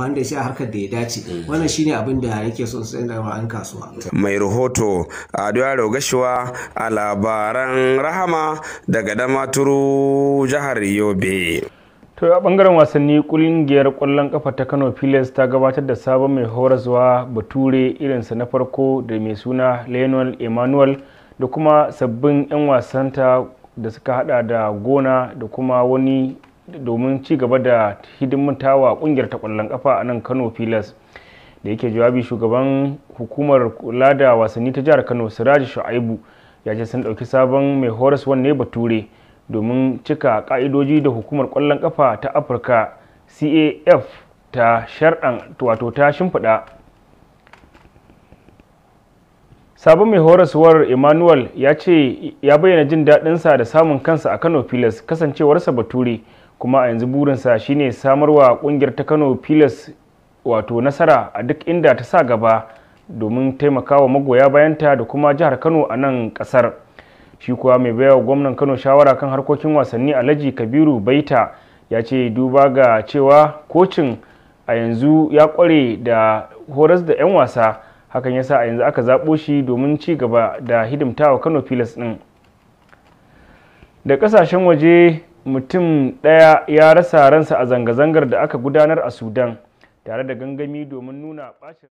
wanda shi a harkar da ya dace mm. wannan shine abin da yake son sai da an kasuwa mai rahoto Aduaro Gashuwa a labaran Rahama daga Damaturu jihar Yobe to a bangaren wasanni kungiyar kwallon kafa ta Kano Pilas ta gabatar da sabon mai horaswa bature irinsa na farko da mai suna Lionel Emmanuel da kuma sabbin 'yan wasanta da suka hada da gona da kuma wani domin ci gaba da hidimantawa kungiyar ta kwallon kafa a nan kano filas da yake jawabi shugaban hukumar kula da wasanni ta jihar kano siraji shu'aibu ya ce sun ɗauki sabon mai horas wanne bature domin cika ka'idoji da hukumar kwallon kafa ta afirka caf ta shar'an wato ta shimfiɗa sabon mai horaswar emmanuel ya ce ya bayyana jin daɗinsa da samun kansa a kano filas kasancewarsa bature kuma a yanzu burinsa shine samarwa kungiyar ta kano pilas wato nasara a duk inda ta sa gaba domin taimakawa magoya bayanta da kuma jihar kano a nan kasar shi kuwa mai wa gwamnan kano shawara kan harkokin wasanni alhaji kabiru baita ya ce duba ga cewa kocin a yanzu ya kware da horas da 'yan wasa hakan yasa a yanzu aka zaɓo shi domin ci gaba da hidimta wa kano pilas din. da ƙasashen waje mutum ɗaya ya rasa ransa a zanga-zangar da aka gudanar a Sudan tare da gangami domin nuna ɓacin